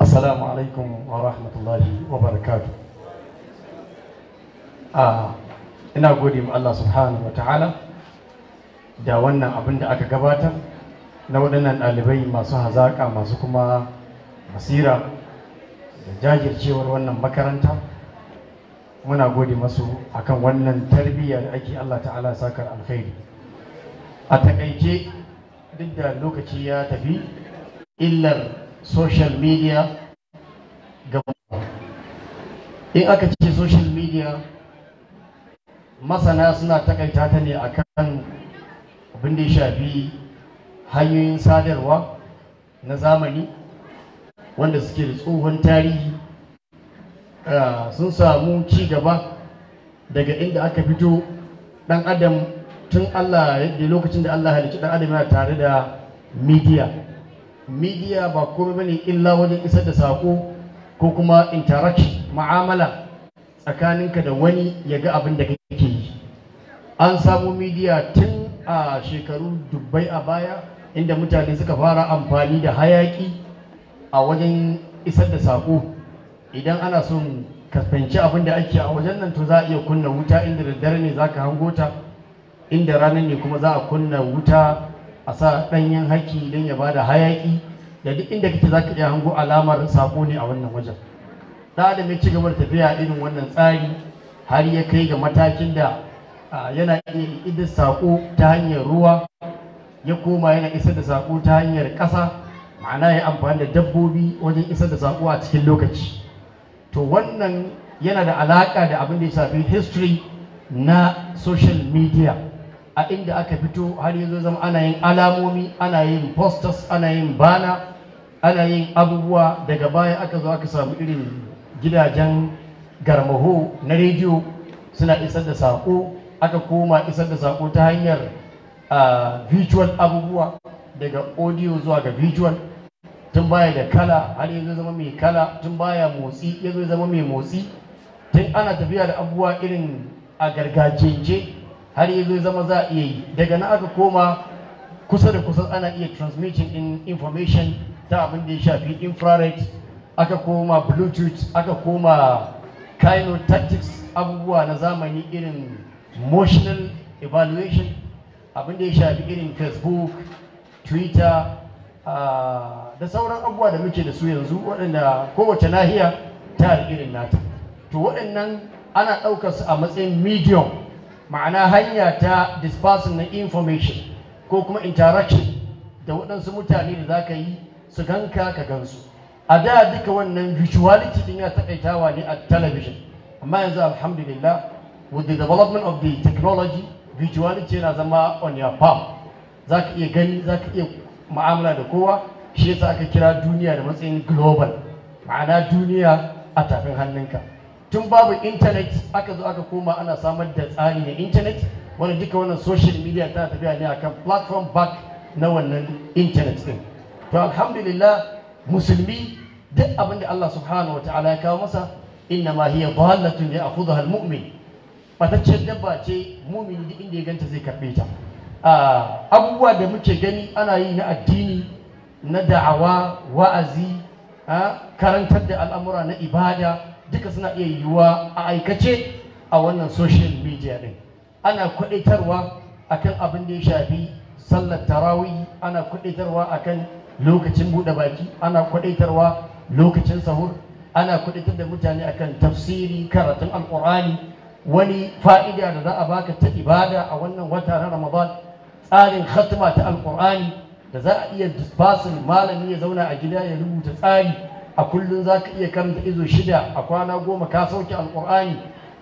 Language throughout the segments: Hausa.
assalamu alaikum wa rahmatullahi wa barakatu ah, ina gode ma Allah subhanahu wa ta'ala da wannan abin da aka gabata na waɗannan ɗalibai masu hazaƙa masu kuma Masira da jajircewar wannan makaranta muna gode masu akan wannan tarbiyya da ake Allah ta'ala sakar alkhairi a takaice duk da lokaci ya tafi illar social media ga in aka ce social media masana suna takaita ta ne akan abin da ya shafi hanyoyin sadarwa na zamani wanda suke da tsohon tarihi ah, sun samu ci gaba daga inda aka fito dan adam tun allah yadda lokacin da allah halicci dan adam yana tare da media Midiya ba komai bane illa wajen isar da sako ko kuma interaction ma'amala tsakaninka da wani ya ga abin da kake yi an samu midiya tun a shekaru dubbai a baya inda mutane suka fara amfani da hayaki a wajen isar da sako idan ana son ka abin da ake a wajen nan to za a iya kunna wuta inda daddare ne za ka hango ta inda ranar ne kuma za a kunna wuta a sa ɗanyen haƙƙi don ya bada hayaƙi, da duk inda kake za ka iya hango alamar saƙo ne a wannan wajen ɗalibin ci gaba da tafiya irin wannan tsari har ya kai ga matakin da yana iya idin sako ta hanyar ruwa ya koma yana isar da sako ta hanyar ƙasa ma'ana ya amfani da dabbobi wajen isar da saƙo a cikin lokaci to wannan yana da alaƙa da abin da ya shafi history na social media a inda aka fito har yanzu zama ana yin alamomi ana yin posters ana yin bana ana yin abubuwa daga baya aka zo aka samu irin gidajen garmaho na rediyo suna isar da sako aka koma isar da sako ta hanyar visual abubuwa daga audio zuwa ga visual tun baya da kala har yanzu zama mai kala tun baya motsi yanzu zama mai motsi tun ana tafiya da abubuwa irin a gargajiyance har yi zai zama za a iya yi daga na aka koma kusa da kusa ana iya transmitting in information ta abin da ya shafi infrared aka koma bluetooth aka koma kino abubuwa na zamani irin motional evaluation abin da ya shafi irin facebook twitter ah, da sauran abubuwa da muke da su yanzu waɗanda kowace nahiya ta irin nata to waɗannan ana ɗaukar su a matsayin medium ma'ana hanya ta dispersing na information ko kuma interaction da waɗansu mutane da za ka yi su ganka ka gansu a da duka wannan visuality din ya taƙaitawa ne a television amma yanzu alhamdulillah with the development of the technology visuality yana zama on your palm za ka iya gani za ka iya ma'amala da kowa shi yasa aka kira duniya da matsayin global ma'ana duniya a tafin hannunka tun babu intanet aka zo aka koma ana samar da tsari na intanet wani duka wannan social media ta tafiya ne akan platform back na wannan intanet din to alhamdulillah musulmi duk abin da Allah subhanahu wataala ya kawo masa inna ma hiya dhalatun ya akhudha almu'min batacciyar dabba ce mumin duk inda ya ganta zai karbe ta ah, abubuwa da muke gani ana yi na addini na da'awa wa'azi ah, karantar da al'amura na ibada duka suna iya yiwuwa a aikace a wannan social media din ana kwadaitarwa akan abin da ya shafi sallar tarawi ana kwadaitarwa akan lokacin buɗe baki ana kwadaitarwa lokacin sahur ana kwadaitar da mutane akan tafsiri karatun alkur'ani wani fa'ida da za a baka ta ibada a wannan wata na ramadan tsarin khatma ta alkur'ani da za a iya basin malami ya zauna a gida ya rubuta tsari a kullum za ka iya karanta izo shida a kwana goma ka sauke alƙur'ani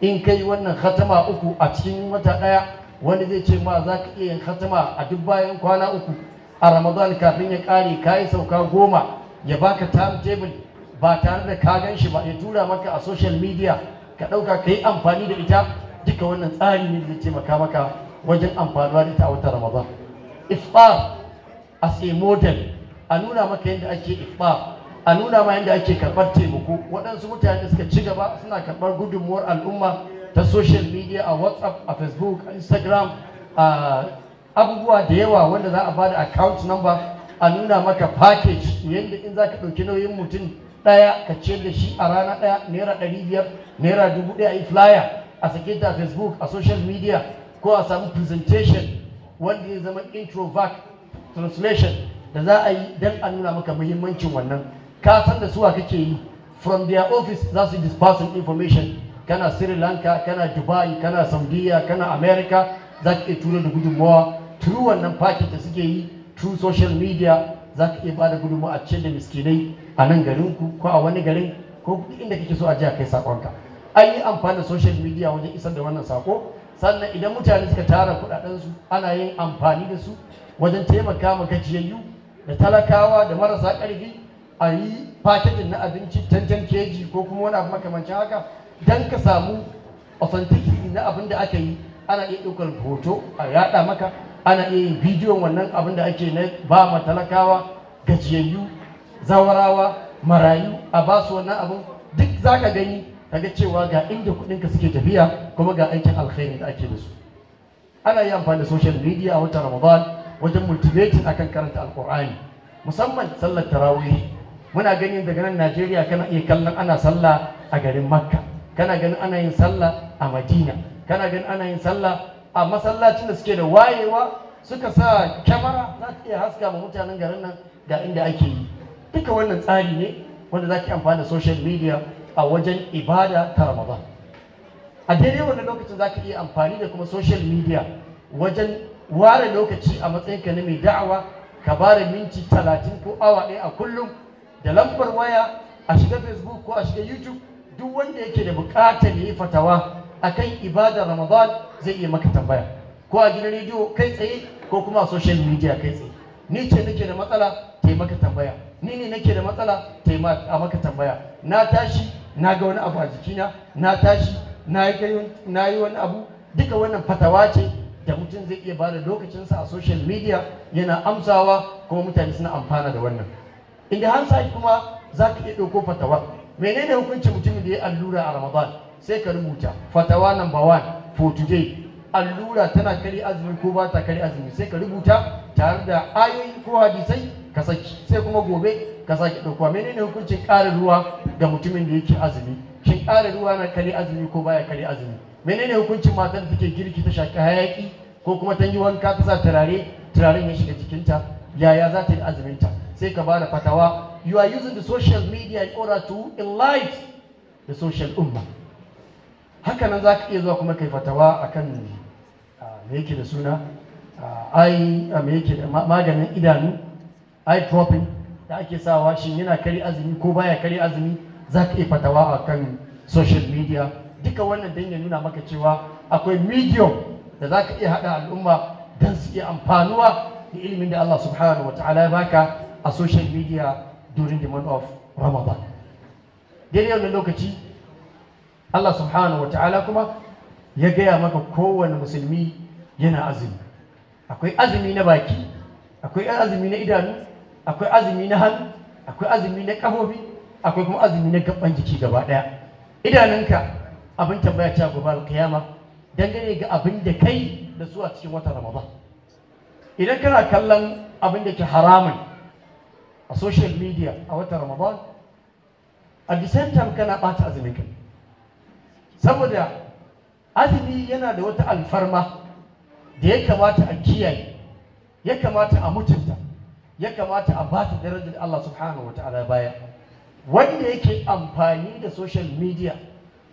in kai wannan khatama uku a cikin wata ɗaya wani zai ce ma za ka iya yin khatama a duk bayan kwana uku a ramadan kafin ya ƙare ka yi sauka goma ya baka time table ba tare da ka gan shi ba ya tura maka a social media ka ɗauka ka yi amfani da ita duka wannan tsari ne zai taimaka maka wajen amfanuwa da ita a wata ramadan iftar as a model a nuna maka yadda ake iftar a nuna ma yadda ake karɓar taimako waɗansu mutane suka ci gaba suna karɓar gudunmuwar al'umma ta social media a whatsapp a facebook a instagram a abubuwa da yawa wanda za a ba da account number a nuna maka package yadda in za ka ɗauki nauyin mutum ɗaya ka ce da shi a rana ɗaya naira ɗari biyar naira dubu ɗaya a yi flyer a sake ta facebook a social media ko a samu presentation wanda ya zama introvac translation da za a yi don a nuna maka muhimmancin wannan ka san da suwa kake yi from their office za su disperse information kana sri lanka kana dubai kana saudiya kana america za ka iya tura da gudunmawa turu wannan paket da suke yi turu social media za ka iya bada gudunmawa a cikin da miskinai a nan garin ku ko a wani garin ko inda kake so a jiya kai sakonka an yi amfani da social media wajen isar da wannan sako sannan idan mutane suka tara su ana yin amfani da su wajen taimaka ma gajiyayyu da talakawa da marasa ƙarfi a yi paketin na abinci tantankeji keji ko kuma wani abu makamancin haka don ka samu authentic na abin da aka yi ana iya ɗaukar hoto a yaɗa maka ana iya yin bidiyo wannan abin da ake na ba ma talakawa gajiyayyu zawarawa marayu a ba su wannan abin duk za ka gani ga cewa ga inda kuɗinka suke tafiya kuma ga aikin alkhairi da ake da su ana yi amfani da social media a watan ramadan wajen multivating akan karanta alkur'ani musamman sallar tarawih muna ganin daga nan najeriya kana iya kallon ana sallah a garin makka kana ganin ana yin sallah a madina kana ganin ana yin sallah a masallacin da suke da wayewa suka sa kyamara za ta iya haska ma mutanen garin nan ga inda ake yi duka wannan tsari ne wanda za ki amfani da social media a wajen ibada ta ramadan a daidai wannan lokacin za ka iya amfani da kuma social media wajen ware lokaci a matsayin ka na mai da'awa ka ba da minti talatin ko awa ɗaya a kullum da lambar waya a shiga facebook ko a shiga youtube duk wanda yake da bukatar yi fatawa akan ibadar ramadan zai iya maka tambaya ko a gidan rediyo kai tsaye ko kuma a social media kai tsaye ni ce nake da matsala tambaya ni ne nake da matsala taimaka maka tambaya na tashi na ga wani abu a jikina na tashi na yi wani abu duka wannan fatawa ce da mutum zai iya bada lokacinsa a social media yana amsawa kuma mutane suna amfana da wannan in the hand kuma za ka iya ɗauko fatawa menene hukuncin mutumin da ya allura a ramadan sai ka rubuta fatawa number one for today allura tana kari azumi ko ba ta kari azumi sai ka rubuta tare da ayoyi ko hadisai ka saki sai kuma gobe ka sake ɗaukowa menene hukuncin ƙara ruwa ga mutumin da yake azumi shin ƙara ruwa na kari azumi ko baya kari azumi menene hukuncin matar da take girki ta shaki hayaki ko kuma ta yi wanka ta sa turare turaren ya shiga jikinta yaya za ta yi azuminta sai ka bada fatawa you are using the social media in order to enlighten the social umma haka nan za ka iya zuwa kuma kai fatawa akan ah, me yake da suna ai ah, ah, me yake da maganin idanu eye dropping da ake sawa shin yana kari azumi ko baya kari azumi za ka iya fatawa akan social media duka wannan dan ya nuna maka cewa akwai medium da za ka iya haɗa al'umma don su iya amfanuwa da ilimin da Allah subhanahu wa ta'ala ya baka a social media during the month of Ramadan. yau wannan lokaci Allah subhanahu wa ta'ala kuma ya gaya maka kowane musulmi yana azumi. Akwai azumi na baki, akwai azumi na idanu, akwai azumi na hannu, akwai azumi na kafofi. akwai kuma azumi na gaban jiki gaba ɗaya. Idanunka abin tambaya ta gobe alkiyama dangane ga abin da kai da su a cikin watan Ramadan. Idan kana kallon abin da ke haramun a social media a watan ramadan a the same time kana bata azumi saboda azumi yana da wata alfarma da ya kamata a kiyaye ya kamata a mutunta ya kamata a bata ta darajar Allah subhanahu wa ta'ala baya wanda yake amfani da social media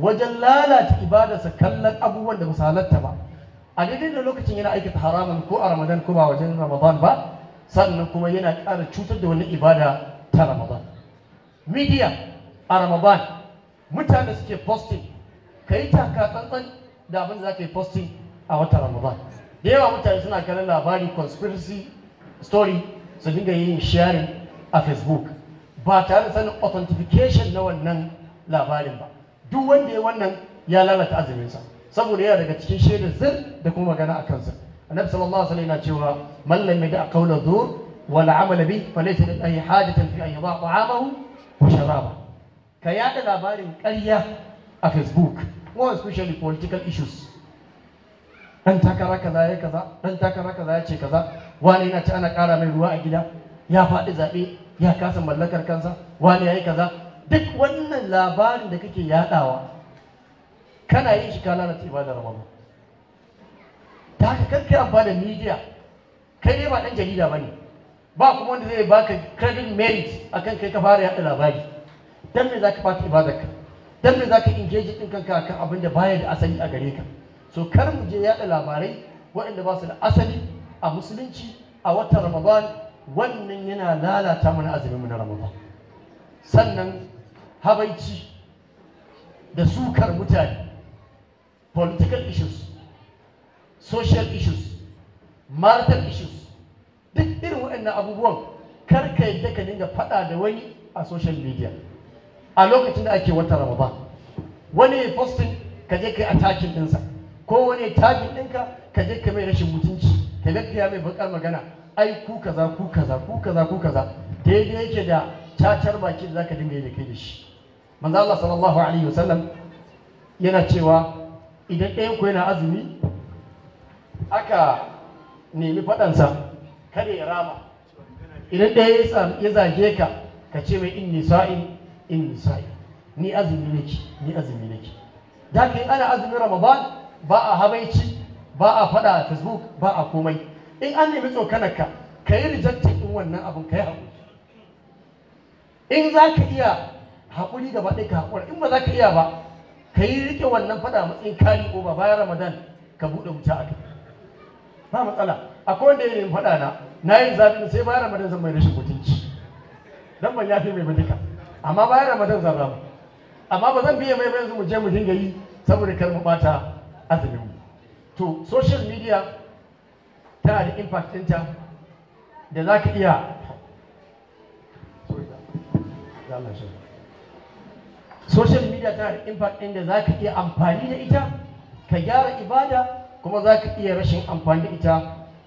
wajen lalata ibadarsa kallon abubuwan da misalarta ba a daidai da lokacin yana aikata haramun ko a ramadan ko ba wajen ramadan ba sannan kuma yana ƙara cutar da wannan ibada ta ramadan media a ramadan mutane suke posting ka yi taka tsantsan da abin da za ka yi posting a wata ramadan da yawa mutane suna ganin labari conspiracy story su dinga yin sharing a facebook ba tare da sanin authentication na wannan labarin ba duk wanda ya wannan ya lalata azuminsa saboda yana daga cikin shaidar zir da kuma magana a kansa annabi sallallahu alaihi yana cewa Mallami lam yada qawla dhur wal amala bi falaysa lillahi hajatan fi an yada ta'amahu wa sharaba ka yaɗa labarin ƙarya a facebook more especially political issues Ɗan takara kaza ya kaza dan takara kaza ya ce kaza wani yana ci ana ƙara mai ruwa a gida ya faɗi zaɓe ya kasa mallakar kansa wani ya yi kaza duk wannan labarin da kake yaɗawa kana yin shi ka lalata ibadar ramadan ta haka kira ba da media kai ne ba ɗan jarida ba ne ba kuma wanda zai baka credit merit akan kai ka fara yaɗa labari dan me zaka fata ibadarka dan me zaka engage din kanka akan abin da baya da asali a gare ka so kar mu je yaɗa labarai waɗanda ba su da asali a musulunci a watan ramadan wannan yana lalata mana azumin mu na ramadan sannan habaici da sukar mutane political issues social issues marital issues duk irin waɗannan abubuwan karka yadda ka dinga faɗa da wani a social media a lokacin da ake wata ramadan wani ya posting ka je ka yi attacking ɗinsa ko wani ya takin ɗinka ka je kai mai rashin mutunci ka gaggaya mai bakar magana ai ku kaza ku kaza ku kaza ku kaza daidai yake da cacar baki da zaka dinga yi da kai da shi manzo Allah sallallahu alaihi wasallam yana cewa idan ɗayan ku yana azumi aka nemi faɗansa kada ya rama idan ɗaya ya zage ka ka ce mai in nisa'in in nisa'in ni azumi nake ni azumi nake da ka ana azumin ramadan ba a habaici ba a faɗa a facebook ba a komai in an nemi tsokanar ka ka yi rejectin ɗin wannan abin ka yi haƙuri in za ka iya haƙuri gaba ɗaya ka haƙura in ba za ka iya ba ka yi riƙe wannan faɗa matsayin kari ko ba bayan ramadan ka buɗe wuta a kai ba matsala akwai wanda yayin faɗa na na yi zaɓi sai bayan ramadan zan mai rashin mutunci dan ban yafi mai duka amma bayan ramadan zan rama amma ba zan biye mai yanzu mu je mu dinga yi saboda kar mu bata azumin mu to social media ta da impact ɗinta da za ka iya social media ta da impact ɗin da za ka iya amfani da ita ka gyara ibada kuma za ka iya rashin amfani da ita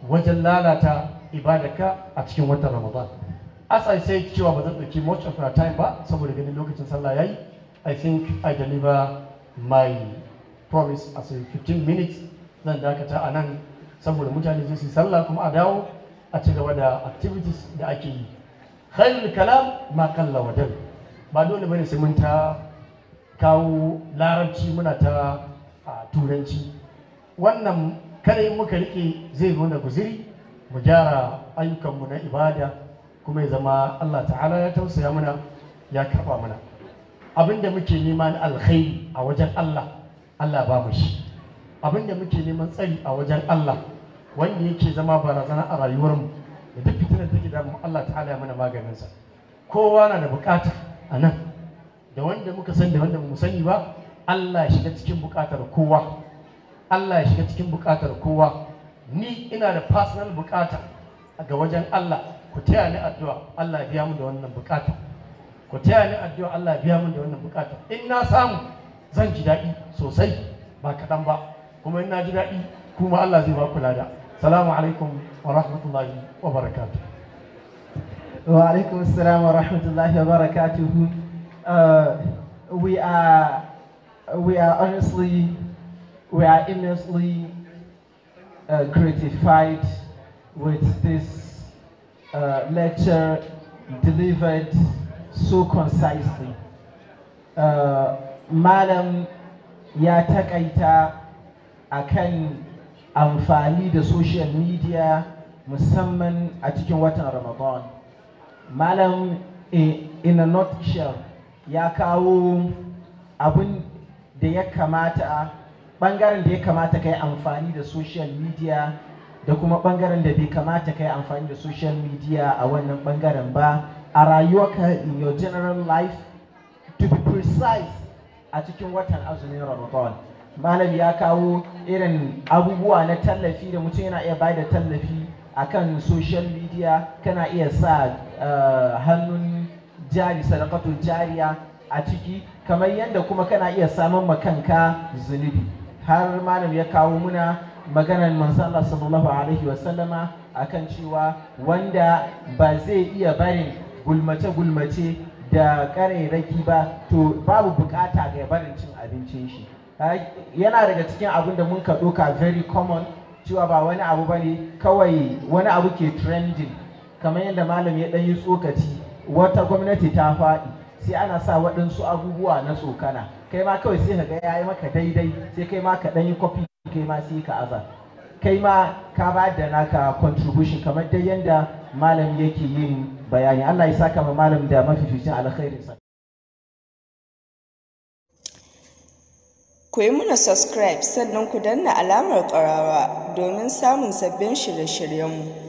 wajen lalata ibadarka a cikin watan ramadan as i said cewa ba zan ɗauki much of your time ba saboda ganin lokacin sallah yayi i think i deliver my promise as a 15 minutes zan dakata a nan saboda mutane zai su sallah kuma a dawo a ci gaba da activities da ake yi khairul kalam ma kalla wadal ba dole bane sai mun ta kawo larabci muna ta turanci wannan kare muka rike zai nuna guziri mu gyara ayyukanmu na ibada kuma ya zama Allah ta'ala ya tausaya mana ya karba mana abinda muke neman alkhairi a wajen Allah Allah ba mu shi abinda muke neman tsari a wajen Allah wanda yake zama barazana a rayuwarmu da duk fitinar take da mu Allah ta'ala ya mana sa kowa na da bukata a nan da wanda muka san da wanda mu sani ba Allah shiga cikin bukatar kowa Allah ya shiga cikin bukatar kowa ni ina da personal bukata ga wajen Allah ku taya ni addu'a Allah ya biya mu da wannan bukata ku taya ni addu'a Allah ya biya mu da wannan bukata in na samu zan ji daɗi sosai ba kaɗan ba kuma in na ji daɗi kuma Allah zai ba ku lada salamu alaikum wa rahmatullahi wa barakatuh wa alaikum assalam wa rahmatullahi wa barakatuh uh, we are we are honestly We are immensely uh, gratified with this uh, lecture delivered so concisely. Uh, Yata ya takaita akan amfani da social media musamman a cikin watan Ramadan. Malam in a nutshell ya kawo abin da ya kamata ɓangaren da ya kamata ka yi amfani da social media da kuma ɓangaren da bai kamata ka yi amfani da social media a wannan ɓangaren ba a rayuwa in your general life to be precise a cikin watan azumin ramadan malam ya kawo irin abubuwa na tallafi da mutum yana iya da tallafi a kan social media kana iya sa eh, hannun jari sadakatun jariya a ciki kamar yadda kuma kana iya samun makanka zunubi har malam ya kawo muna maganar manzo Allah sallallahu alaihi wasallama akan cewa wanda ba zai iya barin gulmace-gulmace da ƙarairaki ba to babu bukata ga barin cin abincin shi yana daga cikin abin da mun ka very common cewa ba wani abu ba ne kawai wani abu ke trending kamar yadda malam ya ɗan yi tsokaci wata gwamnati ta faɗi sai ana sa waɗansu abubuwa na tsokana kai ma kawai sai ka ga yayi maka daidai sai kai ma ka yi kwafi kai ma sai ka aza kai ma ka ba da naka contribution kamar dai yadda malam yake yin bayani Allah ya saka ma malam da mafificin alkhairin ku yi muna subscribe sannan ku danna alamar ƙwararwa domin samun sabbin shirye-shiryenmu